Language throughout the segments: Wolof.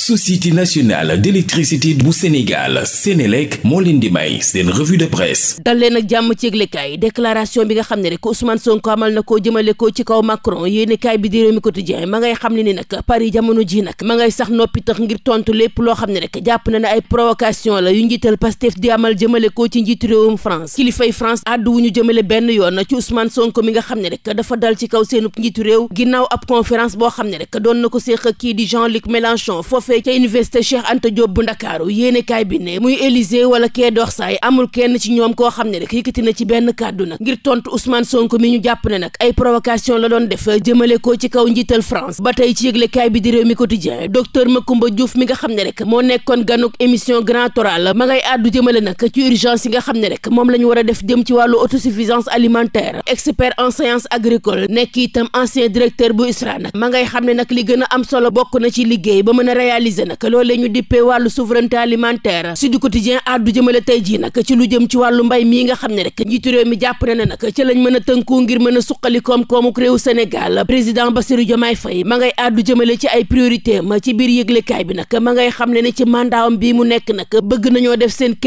société nationale d'électricité bu Sénégal Sénélec moo leen di may seen revue de presse dal leen ak jàmm ci yëglekaay bi nga xam ne rek Ousmane Sonko amal na koo jëmale ko ci kaw Macron yéenekaay bi di Rewmi Quotidien ma ngay xam ne ni nag Paris jamono ji nag ma ngay sax noppi tax ngir tontu lépp loo xam ne rek jàpp na ne ay provocation la yu njiital Pastef di amal jëmale ko ci njiitu réewum France kilifay France àddu jëmale benn yoon na foofee ca université Cheikh Anta Diop bu Ndakaaru yéenekaay bi ne muy Élysée wala kee dox saay amul kenn ci ñoom koo xam ne rek yëkkati na ci benn kàddu nag ngir tontu Ousmane Sonko mi ñu jàpp ne nag ay provocation la doon def jëmale ko ci kaw njiital France ba tey ci yëglekaay bi di réew mi quotidien docteur Macoumba Diouf mi nga xam ne rek moo nekkoon ganuk émission Grand Oral ma ngay àddu jëmale nag ci urgence yi nga xam ne rek moom la ñu war def jëm ci wàllu autosuffisance alimentaire expert en sciences agricoles nekk itam ancien directeur bu ISRA ma ngay xam ne nag li gën am solo bokk na ci liggéey réaliser nag loolee ñu dippee wàllu souveraineté alimentaire Sud Quotidien addu jëmale tey jii nag ci lu jëm ci wàllu mbay mii nga xam ne rek njiitu réew mi jàpp na ne nag ci lañ mën a tënkoo ngir mën a ci ay priorité ma ci biir yëglekaay bi nag ma ngay xam ne ne ci mandaawam bii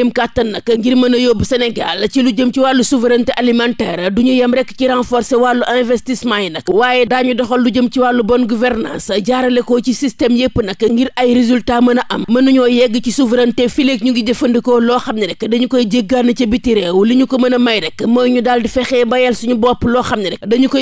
a yóbbu Sénégal ci lu jëm ci wàllu souveraineté alimentaire du ñu yem rek ci renforcer wàllu investissement yi nag waaye daañu doxal lu jëm ci wàllu bonne gouvernance jaarale ko ci système yépp nag ngir ay résultat mën a am mënuñoo yegg ci souveraineté fileeg ñu ngi jëfandikoo loo xam ne rek dañu koy jéggaan ca biti réew li ñu ko mën a may rek mooy ñu daal fexee bayal suñu bopp loo xam ne rek dañu ko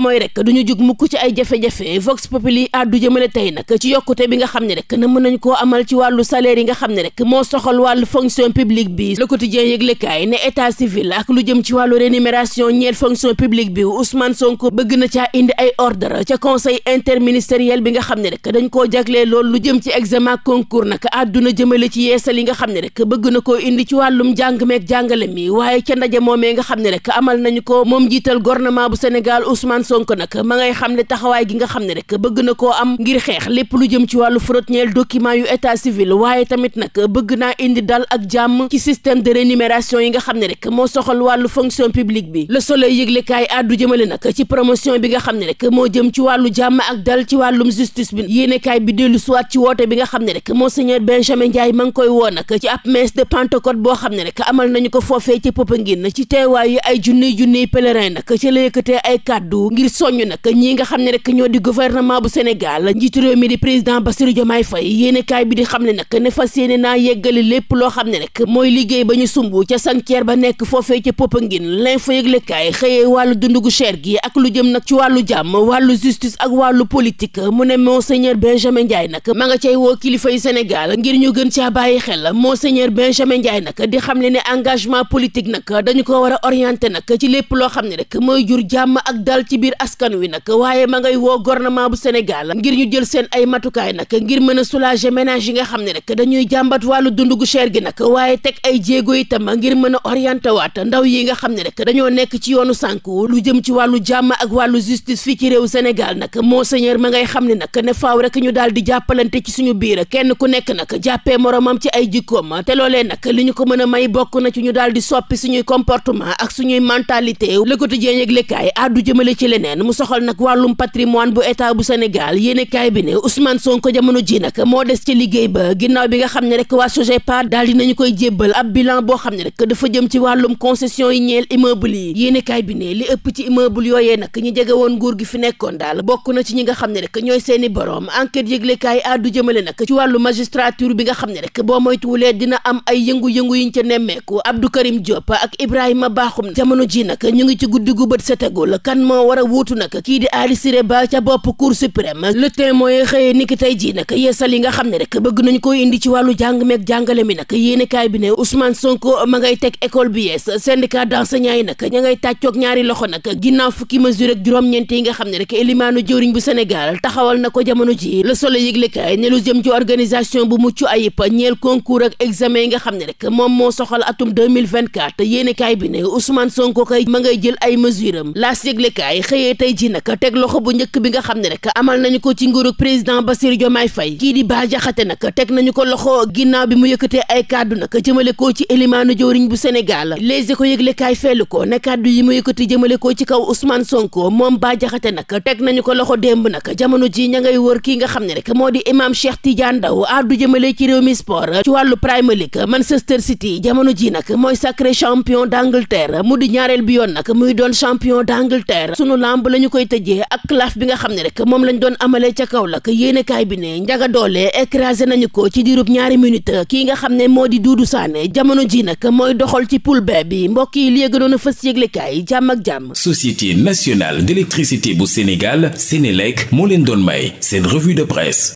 mooy rek duñu jug mukk ci ay jafe-jafe vox populi àddu bi nga xam ne rek na mën nañ koo amal ci wàllu salaire yi nga xam ne rek moo soxal wàllu fonction publique bi le quotidien yëglekaay ne état civil ak lu jëm ci wàllu rémunération ñeel fonction publique bi Ousmane Sonko bëgg na caa indi ay ordre ca conseil interministériel bi nga xam ne loolu lu jëm ci examen concours nag àdduna jëmale ci yeesal yi nga xam ne rek bëgg na koo indi ci wàllum njàng meeg jàngale mii waaye ca ndaje moomee nga xam ne rek amal nañu ko moom jiital gouvernement bu Sénégal Ousmane Sonko nag ma ngay xam ne taxawaay gi nga xam ne rek bëgg na koo am ngir xeex lépp lu jëm ci wàllu fraude ñeel document yu état waaye tamit nag bëgg naa indi dal ak jàmm ci système de rémunération yi nga xam ne rek moo soxal wàllu fonction publique bi la Soleil yëglekaay àddu jëmale nag ci promotion bi nga xam ne rek moo jëm ci wàllu jàmm ak dal ci wàllum justice bi yéenekaay bi dellu dellu ci woote bi nga xam ne rek monseigneur Benjamin Ndiaye ma ngi koy woo nag ci ab messe de Pentecôte boo xam ne rek amal nañu ko foofee ci Popenguine ci teewaayu ay junniy junniy pèlerin nag ci la ay kàddu ngir soññ nag ñi nga xam ne rek ñoo di gouvernement bu Sénégal njiitu mi di président Bassirou Diomaye Faye yéenekaay bi di xam ne nag ne fas yéene naa yeggali lépp loo xam ne rek mooy ba ñu sumb ca sanctuaire ba nekk foofee ca Popenguine l'info yëglekaay xëyee wàllu dundu gu cher gi ak lu jëm nag ci wàllu jàmm wàllu justice ak wàllu politique mu ne monseigneur Benjamin Ndiaye Ndiaye nag ma nga cee woo kilifa yu Sénégal ngir ñu gën caa bàyyi xel monseigneur Benjamin Ndiaye nag di xam le ne engagement politique nag dañu ko war a orienté nag ci lépp loo xam ne rek mooy jur jàmm ak ci biir askan wi nag waaye ma ngay woo gouvernement bu Sénégal ngir ñu jël seen ay matukaay nag ngir mën a soulager ménage yi nga xam ne rek dañuy jàmbat wàllu dund gu cher gi nag waaye teg ay jéego itam ngir mën a orienté waat ndaw yi nga xam ne rek dañoo nekk ci yoonu sànku lu jëm ci wàllu jàmm ak wàllu justice ci réew Sénégal nag monseigneur ma ngay xam ne nag ne faaw rek ñu daal di jàmm jàppalante ci suñu biir kenn ku nekk nag jàppee moromam ci ay jikkoom te loolee li ñu ko mën a may bokk na ci ñu daal soppi suñuy comportement ak suñuy mentalité le quotidien ak lekaay addu jëmale ci leneen mu soxal nag wàllum patrimoine bu état bu Sénégal yéene bi ne Ousmane Sonko jamono ji nag moo des ci liggéey ba ginnaaw bi nga xam ne rek waa SOGEPA daal di nañu koy jébbal ab bilan boo xam ne rek dafa jëm ci wàllum concession yi ñeel kaay àddu jëmale nag ci wàllu magistrature bi nga xam ne rek boo moytuwulee dina am ay yëngu-yëngu yiñ ca nemmeeku Abdou Karim Diop ak Ibrahima Bakhoum jamono ji nag ñu ngi ci guddi gu bët setagul kan moo war a wuutu nag kii di Ali Ba ca bopp cour suprême le témoin mooy xëyee niki tey jii nag yeesal yi nga xam ne rek bëgg nañ ko indi ci wàllu jàng jàngale mi nag yéenekaay bi ne Ousmane Sonko ma ngay teg école bi yees syndicat d'enseignants yi nag ña ngay tàccoog ñaari loxo nag ginnaaw fukki mesure ak juróom yi nga xam ne rek élimaanu jëwriñ bu Sénégal taxawal na ko jamono ji le soleil yëglekaay ne lu jëm organisation bu mucc ayib ñeel concours ak examen yi nga xam ne rek moom moo soxal atum 2024 yéenekaay bi ne Ousmane Sonko kay ma ngay jël ay mesure am laas yëglekaay xëyee tey ji nag teg loxo bu njëkk bi nga xam ne rek amal nañu ko ci nguurug président Bassirou Diomaye Faye kii di Bah Diakhaté nag teg nañu ko loxo ginnaaw bi mu yëkkatee ay kàddu nag jëmale ko ci élimaanu jëwriñ bu Sénégal Les Échos yëglekaay ko ne kàddu yi mu yëkkati jëmale ko ci kaw Ousmane Sonko moom Bah Diakhaté ko loxo démb nag jamono ji ña ngay wër kii moo di imam Cheikh Tidiane Daw addu jëmale ci réew mi sport ci wàllu Premier League Manchester City jamono ji nag mooy sacré champion d'Angleterre mu di ñaareel bi yoon nag muy doon champion d'Angleterre sunu lamb la ñu koy tëjee ak claf bi nga xam ne rek moom lañ doon amalee ca kaw Kaolack yéenekaay bi ne njaga doole écrasé nañu ko ci diirub ñaari minute kii nga xam ne moo di Doudou Sané jamono ji nag mooy doxal ci poule B bi mbokk yi li yëgënoon a fës yëglekaay jàmm ak jàmm. Société nationale d'électricité bu Sénégal Sénélec moo leen doon may seen revue de presse.